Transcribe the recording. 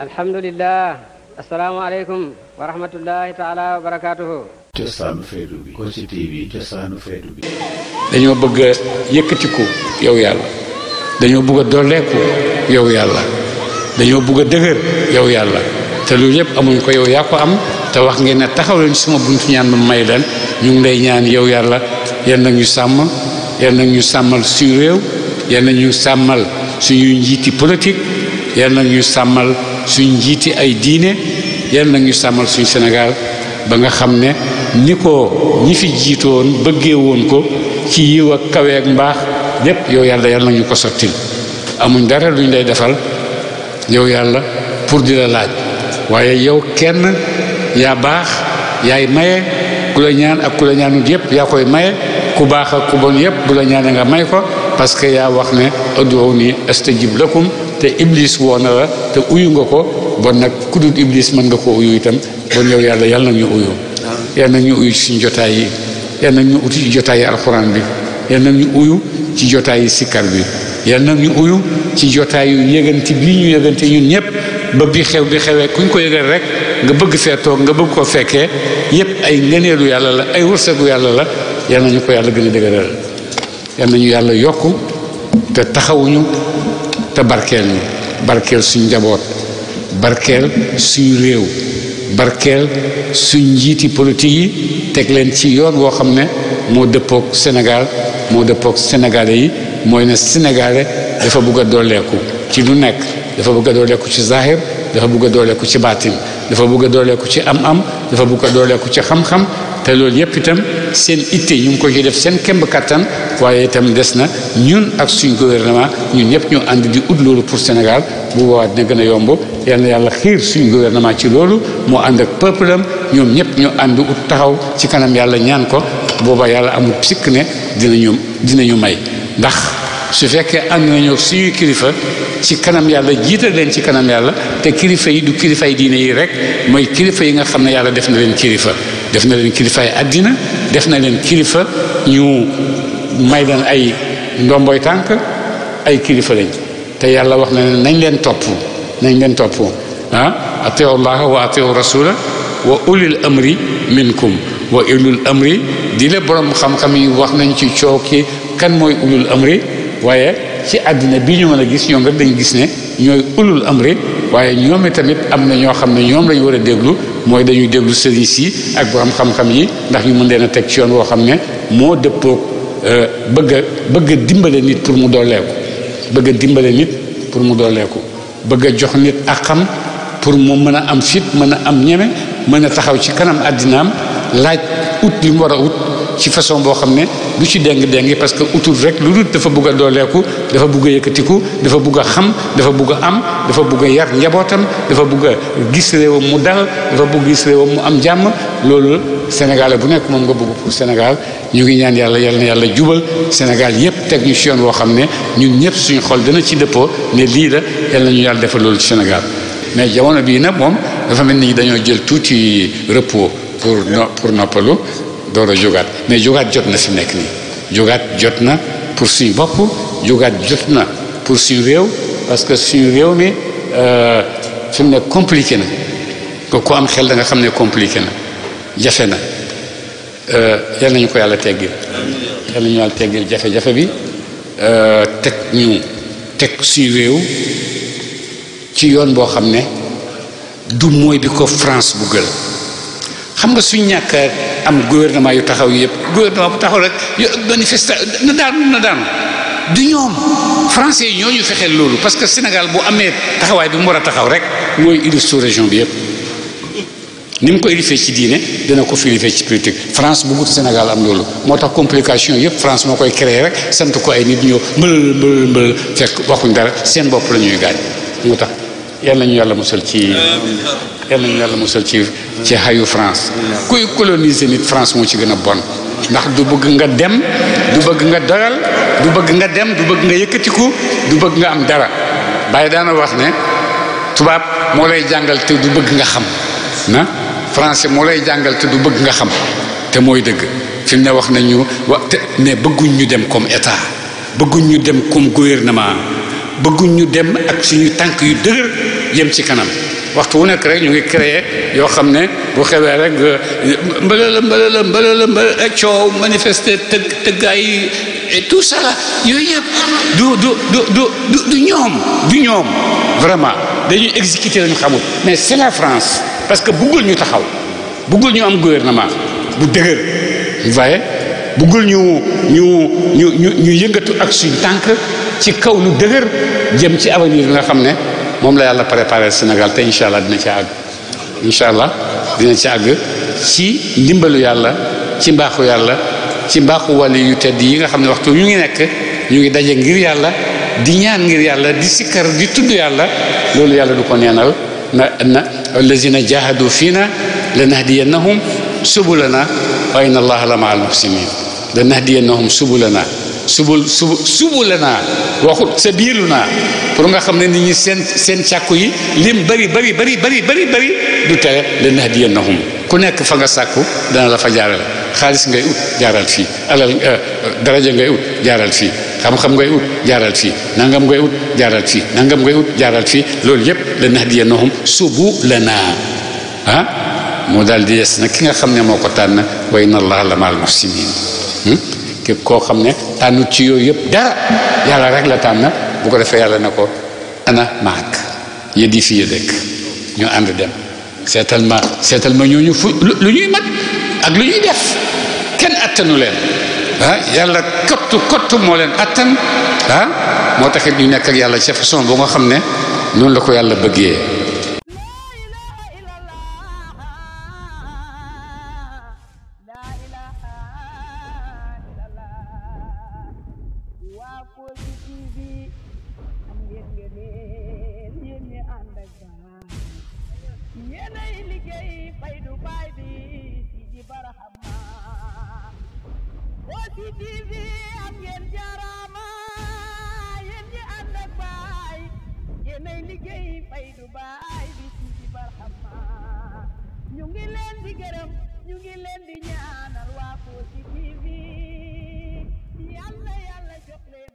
alhamdulillah asalaamaaleykum wa rahmatullahi taala wa barakaatuhu cosaanu feetu bi Kossy bi dañoo bëgg a yëkkatiku yow yàlla dañoo bëgg a dolleeku yow yàlla dañoo bëgg a dëgër yow yàlla te loolu yëpp amuñ ko yow yaa am te wax ngeen ne taxaw leen suma buntu ñaan ma may leen ñu ngi day ñaan yow yàlla yal na ñu sàmm yal na ñu sàmmal suñu réew yal na ñu sàmmal suñuy njiiti politique yal na ñu sàmmal suñ jiti ay diiné yal na ñu samal suñ Sénégal ba nga xamné niko ñi fi jitoon bëggé woon ko ci yiw ak kawé ak mbax lépp yow yalla yal ñu ko sottil amuñ dara luñ lay defal yow yalla pour di la laaj waye yow kenn ya bax yaay maye ku la ñaan ak ku la ñaanu yépp ya koy maye ku bax ak ku bon yépp bu la ñaane nga may ko parce que ya wax ne astajib lakum te iblis woo na la te uyu nga ko bon nag ku dul iblis mën nga ko uyu itam bon yow yàlla yàlla nag ñu uyu yàlla na ñu uyu ci suñu jotaay yi yàlla ñu uti ci jotaay bi yàlla nag uyu ci jotaay yi sikkar bi yàlla nag ñu uyu ci jotaay yu yëgante bii ñu yëgante ñun ñëpp ba bi xew bi xewee kuñ ko yëgal rek nga bëgg fee toog nga bëgg koo fekkee yëpp ay ngeneelu yàlla la ay wërsëgu yàlla la yàlla ñu ko yàlla gën a dëgëral yàlla nañu yàlla yokku te taxawuñu te barkeel ñu barkeel suñ njaboot barkeel suñ réew barkeel suñ njiiti politique yi teg leen ci yoon woo xam ne moo dëppook Sénégal moo dëppook Sénégalais yi mooy ne Sénégalais dafa bugg a dooleeku ci lu nekk dafa bëgg a dooleeku ci zahir dafa bëgg a dooleeku ci baatin dafa bëgg a dooleeku ci am-am dafa bëgg a dooleeku ci xam-xam te loolu yëpp itam seen itte ñu ngi ko ci def seen kemb kattan waaye itam des na ñun ak suñ gouvernement ñun ñëpp ñoo ànd di ut pour Sénégal bu boobaa dina gën a yomb yal yàlla xiir suñ gouvernement ci loolu moo ànd ak peuple am ñoom ñëpp ñoo ànd taxaw ci kanam yàlla ñaan ko booba yàlla amul sikk ne dinañu dinañu may ndax. su fekkee am nañu suñuy kilifa ci kanam yàlla jiital leen ci kanam yàlla te kilifa yi du kilifay diine yi rek mooy kilifa yi nga xam ne yàlla def na leen kilifa def na leen kilifay àddina def na leen kilifa ñu may leen ay ndomboy tànk ay kilifa lañ te yàlla wax na ne nañ leen topp nañ leen topp ah atiu llaha wa atiu rasula wa ulil amri minkum wa ulul amri di la borom xam-xam yi wax nañ ci coow ki kan mooy ulul amri waaye ci àddina bi ñu mën a gis ñoom rek dañu gis ne ñooy ulul amri waaye ñoom tamit am na ñoo xam ne ñoom la war a déglu mooy dañuy déglu sëriñ yi ak borom xam-xam yi ndax ñu mun leen a teg ci yoon woo xam ne moo dëppoog euh, bëgg a bëgg dimbale nit pour mu dooleeku bëgg dimbale nit pour mu dooleeku bëgg jox nit ak xam pour mu mën a am fit mën a am ñeme mën a taxaw ci kanam àddinaam laaj ut li mu war a ut ci façon boo xam ne du ci déng-déng parce que utul rek lu dul dafa bugg a dooleeku dafa bugg a yëkkatiku dafa bugg a xam dafa bugg a am dafa bugg yar njabootam dafa bugg a gis réewam mu dal dafa bugg gis réewam mu am jàmm loolu Sénégalais bu nekk moom nga bugg pour Sénégal ñu ngi ñaan yàlla yal na yàlla jubal Sénégal yépp teg ñu si yoon boo xam ne ñu ñëpp suñu xol dana ci dëppoo ne lii la yal ñu yàlla defal loolu ci Sénégal mais jamono bii nag moom dafa mel ni dañoo jël tuuti repos pour pour door a jógaat mais jógaat jot na fi nekk nii jógaat jot na pour suñu bopp jógaat jot na pour suñu réew parce que suñu réew mi euh, fi mu ne compliqué na ko ku am xel da nga xam ne compliqué na jafe na euh, yal nañu ko yàlla teggil yal nañu yàlla teggil jafe-jafe bi euh, teg ñu teg suñu réew ci yoon boo xam ne du mooy bi ko France buggal xam nga suñ ñàkk am gouvernement yu taxaw yu yëpp gouvernement bu taxaw rek yu manifesta na daanu na daanu du ñoom français ñooñu fexeel loolu parce que Sénégal bu amee taxawaay bi mu war a taxaw rek mooy indi sous région bi yëpp ni mu ko élifee ci diine dina ko fi élifee ci politique France bu gut am loolu moo tax complication yëpp France moo koy créé rek sant ko ay nit ñoo mbëlal mbëlal mbëlal fekk waxuñ dara seen bopp la ñuy gaañ moo tax yal nañu yàlla musal ci yàlla nañu yàlla musal ci ci xayu France kuy coloniser nit France moo ci gën a bon ndax du bëgg nga dem du bëgg nga doyal du bëgg nga dem du bëgg nga yëkkatiku du bëgg nga am dara Baye daana wax ne tubaab moo lay jàngal te du bëgg nga xam na français moo lay jàngal te du bëgg nga xam te mooy dëgg fi ne wax nañu wa te ne bëgguñ ñu dem comme état bëgguñ ñu dem comme gouvernement bëgguñ ñu dem ak suñu tànk yu dëgër yem ci kanam waxtu wu nekk ñu bu rek et tout ça du du du du du du vraiment dañuy mais c'est la France parce que Google nous taxaw buggul ñu am gouvernement bu dëgër ñu ñu ñu ñu ak mom la yàlla préparé Sénégal te inshallah dina ci ag inshallah dina ci ag ci ndimbalu yàlla ci mbaxu yàlla ci mbaxu wali yu tedd yi nga xamné waxtu ñu ngi nek ñu ngi daje ngir yàlla di ñaan ngir yàlla di sikkar di tudd yàlla lolu yàlla du ko nénal na na allazina jahadu fina lanahdiyannahum subulana wa inna allaha la maa al muhsinin lanahdiyannahum subulana subul subu subula naa waxut sa biiru naa pour nga xam ne nit ñi seen seen càkku yi lim bari bari bari bari bari bari du tere leen nahdiyannahum ku nekk fa nga sàkku dana la fa jaaral xaalis ngay ut jaaral fii alal euh, daraja ngay ut jaaral fii xam-xam ngay ut jaaral fii nangam ngay ut jaaral fii nangam ngay ut jaaral fii loolu yépp leen nahdiyannahum subulana ah moo daal di yes na ki nga xam ne moo ko tànn wa inna allaha la maal muhsinin hmm? képp koo xam ne tànn ci yooyu yëpp dara yàlla rek la tànn bu ko defee yàlla na ko ana maak yeddi fi ya dëkk ñu ànd dem seetal ma seetal ma ñooñu fu lu ñuy mat ak lu ñuy def kenn attanu leen ah yàlla kottu kottu moo leen attan moo taxit ñu nekk ak yàlla ci façon bu nga xam ne noonu la ko yàlla bëggee yéenay liggéey fay du baay ñu ngi leen di gërëm ñu ngi leen di ñaanal waa Kossy TV yàlla yàlla jox leen